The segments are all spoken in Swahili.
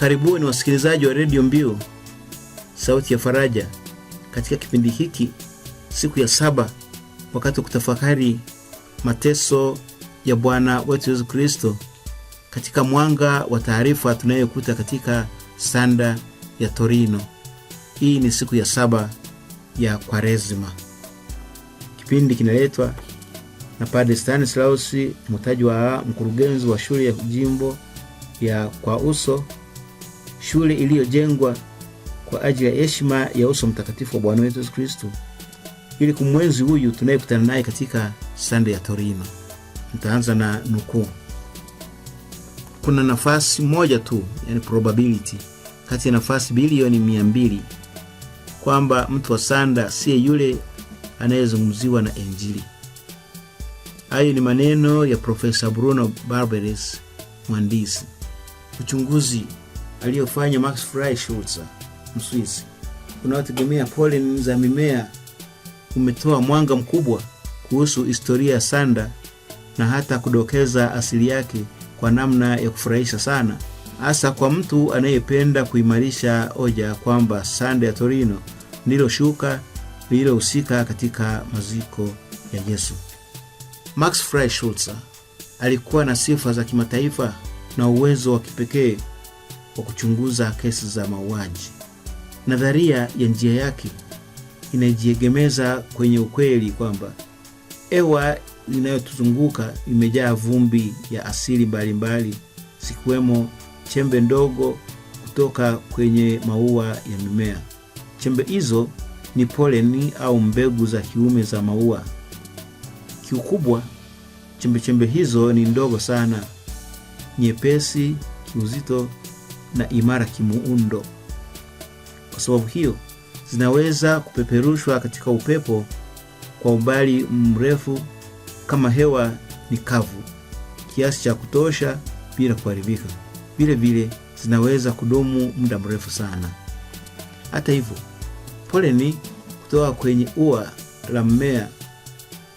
Karibuni wasikilizaji wa redio Mbiu sauti ya faraja, katika kipindi hiki siku ya saba, wakati wa kutafakari mateso ya Bwana wetu Yesu Kristo katika mwanga wa taarifa tunayokuta katika sanda ya Torino. Hii ni siku ya saba ya kwarezima Kipindi kinaletwa na pade Stanislaus Mutaji wa mkurugenzi wa shule ya jimbo ya kwa uso shule iliyojengwa kwa ajili ya heshima ya uso mtakatifu wa Bwana wetu Yesu Kristo, ili kumwenzi huyu tunayekutana naye katika sanda ya Torino. Nitaanza na nukuu. Kuna nafasi moja tu, yani probability, kati ya nafasi bilioni mia mbili kwamba mtu wa sanda siye yule anayezungumziwa na Injili. Hayo ni maneno ya Profesa Bruno Barberis, mwandisi Uchunguzi aliyofanya Max Freischutz Mswisi unaotegemea pollen za mimea umetoa mwanga mkubwa kuhusu historia ya sanda na hata kudokeza asili yake kwa namna ya kufurahisha sana, hasa kwa mtu anayependa kuimarisha hoja kwamba sanda ya Torino ndilo shuka lililohusika katika maziko ya Yesu. Max fry Freischutz alikuwa na sifa za kimataifa na uwezo wa kipekee wa kuchunguza kesi za mauaji. Nadharia ya njia yake inajiegemeza kwenye ukweli kwamba hewa inayotuzunguka imejaa vumbi ya asili mbalimbali, zikiwemo chembe ndogo kutoka kwenye maua ya mimea. Chembe hizo ni poleni au mbegu za kiume za maua. Kiukubwa, chembechembe hizo ni ndogo sana, nyepesi kiuzito na imara kimuundo. Kwa sababu hiyo, zinaweza kupeperushwa katika upepo kwa umbali mrefu kama hewa ni kavu kiasi cha kutosha bila kuharibika. Vile vile zinaweza kudumu muda mrefu sana. Hata hivyo, poleni kutoka kwenye ua la mmea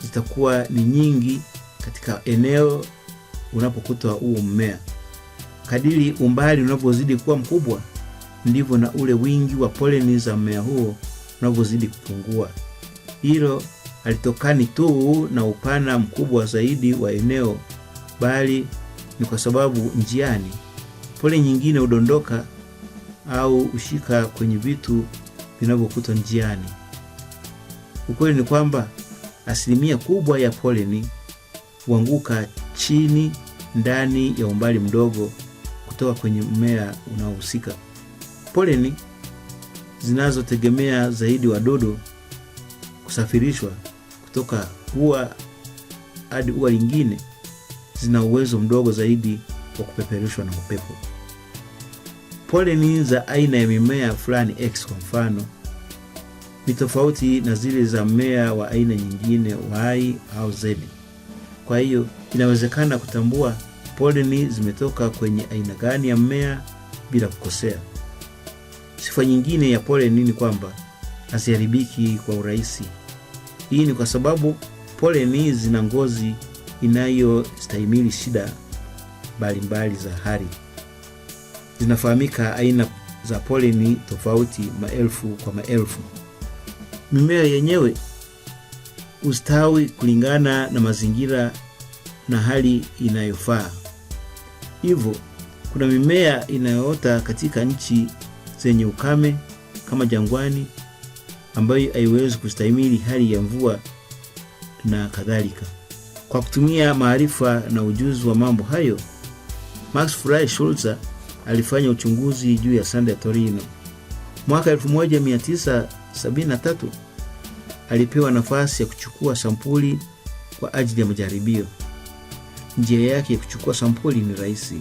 zitakuwa ni nyingi katika eneo unapokuta huo mmea. Kadiri umbali unavyozidi kuwa mkubwa, ndivyo na ule wingi wa poleni za mmea huo unavyozidi kupungua. Hilo halitokani tu na upana mkubwa zaidi wa eneo, bali ni kwa sababu njiani pole nyingine hudondoka au ushika kwenye vitu vinavyokuta njiani. Ukweli ni kwamba asilimia kubwa ya poleni huanguka chini ndani ya umbali mdogo kutoka kwenye mmea unaohusika. Poleni zinazotegemea zaidi wadodo kusafirishwa kutoka ua hadi ua lingine zina uwezo mdogo zaidi wa kupeperushwa na upepo. Poleni za aina ya mimea fulani X kwa mfano ni tofauti na zile za mmea wa aina nyingine Y au Z. Kwa hiyo inawezekana kutambua poleni zimetoka kwenye aina gani ya mmea bila kukosea. Sifa nyingine ya poleni ni kwamba haziharibiki kwa urahisi. Hii ni kwa sababu poleni zina ngozi inayostahimili shida mbalimbali za hari Zinafahamika aina za poleni tofauti maelfu kwa maelfu. Mimea yenyewe ustawi kulingana na mazingira na hali inayofaa. Hivyo kuna mimea inayoota katika nchi zenye ukame kama jangwani ambayo haiwezi kustahimili hali ya mvua na kadhalika. Kwa kutumia maarifa na ujuzi wa mambo hayo, Max Fry Schulze alifanya uchunguzi juu ya sande ya Torino. Mwaka 1973 alipewa nafasi ya kuchukua sampuli kwa ajili ya majaribio njia yake ya kuchukua sampuli ni rahisi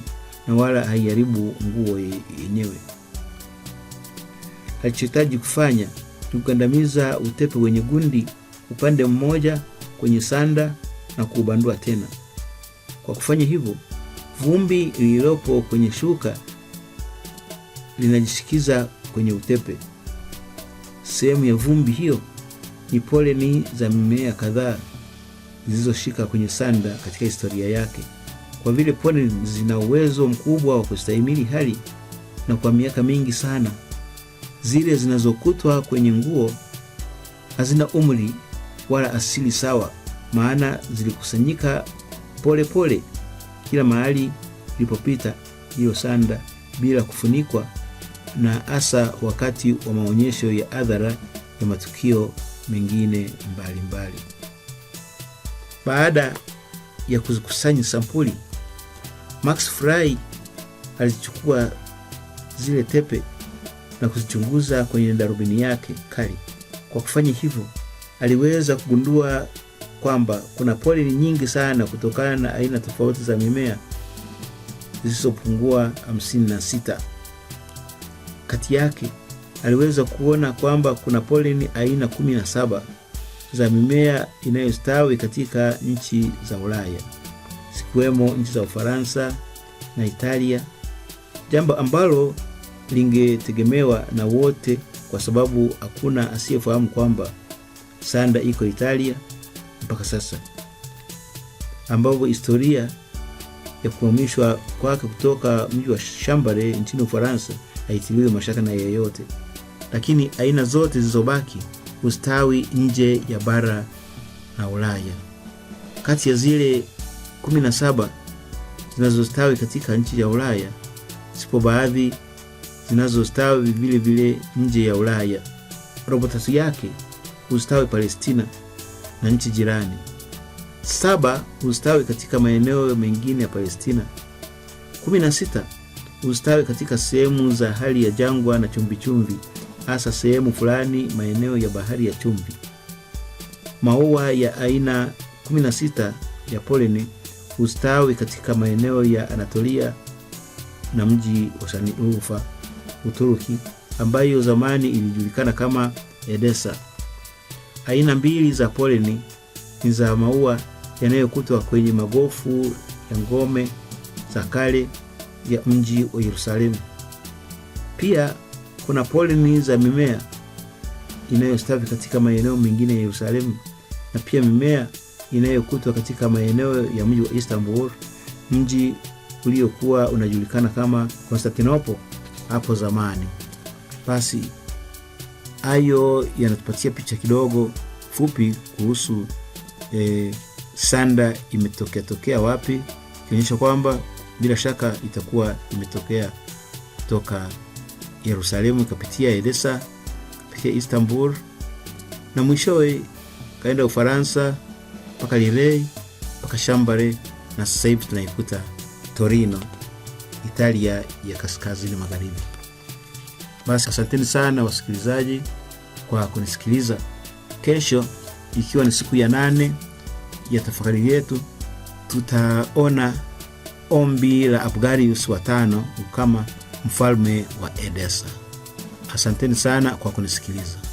na wala haiharibu nguo yenyewe. Alichohitaji kufanya ni kukandamiza utepe wenye gundi upande mmoja kwenye sanda na kuubandua tena. Kwa kufanya hivyo, vumbi lililopo kwenye shuka linajishikiza kwenye utepe. Sehemu ya vumbi hiyo ni poleni za mimea kadhaa zilizoshika kwenye sanda katika historia yake, kwa vile pwani zina uwezo mkubwa wa kustahimili hali, na kwa miaka mingi sana zile zinazokutwa kwenye nguo hazina umri wala asili sawa, maana zilikusanyika polepole pole, kila mahali ilipopita hiyo sanda bila kufunikwa, na hasa wakati wa maonyesho ya hadhara ya matukio mengine mbalimbali mbali. Baada ya kuzikusanya sampuli, Max Fry alizichukua zile tepe na kuzichunguza kwenye darubini yake kali. Kwa kufanya hivyo, aliweza kugundua kwamba kuna poleni nyingi sana kutokana na aina tofauti za mimea zisizopungua 56. Kati yake aliweza kuona kwamba kuna poleni aina 17 za mimea inayostawi katika nchi za Ulaya zikiwemo nchi za Ufaransa na Italia, jambo ambalo lingetegemewa na wote kwa sababu hakuna asiyefahamu kwamba sanda iko Italia mpaka sasa, ambapo historia ya kuhamishwa kwake kutoka mji wa Shambare nchini Ufaransa haitiliwi mashaka na yeyote. Lakini aina zote zilizobaki kustawi nje ya bara la Ulaya. Kati ya zile 17 zinazostawi katika nchi ya Ulaya, zipo baadhi zinazostawi vile vile nje ya Ulaya. Robo tatu yake hustawi Palestina na nchi jirani, saba hustawi katika maeneo mengine ya Palestina, kumi na sita hustawi katika sehemu za hali ya jangwa na chumbichumbi hasa sehemu fulani maeneo ya bahari ya chumvi. Maua ya aina 16 ya poleni hustawi katika maeneo ya Anatolia na mji wa Şanlıurfa, Uturuki, ambayo zamani ilijulikana kama Edesa. Aina mbili za poleni ni za maua yanayokutwa kwenye magofu ya ngome za kale ya mji wa Yerusalemu. Pia kuna polini za mimea inayostawi katika maeneo mengine ya Yerusalemu na pia mimea inayokutwa katika maeneo ya mji wa Istanbul, mji uliokuwa unajulikana kama Konstantinopo hapo zamani. Basi hayo yanatupatia picha kidogo fupi kuhusu eh, sanda imetokea tokea wapi, ikionyesha kwamba bila shaka itakuwa imetokea kutoka Yerusalemu, ikapitia Edesa, ikapitia Istanbul na mwishowe kaenda Ufaransa mpaka Lille mpaka Shambare na sasa hivi tunaikuta Torino, Italia ya kaskazini magharibi. Basi asanteni sana wasikilizaji kwa kunisikiliza. Kesho ikiwa ni siku ya nane ya tafakari yetu, tutaona ombi la Abgarius wa tano, ukama mfalme wa Edesa. Asanteni sana kwa kunisikiliza.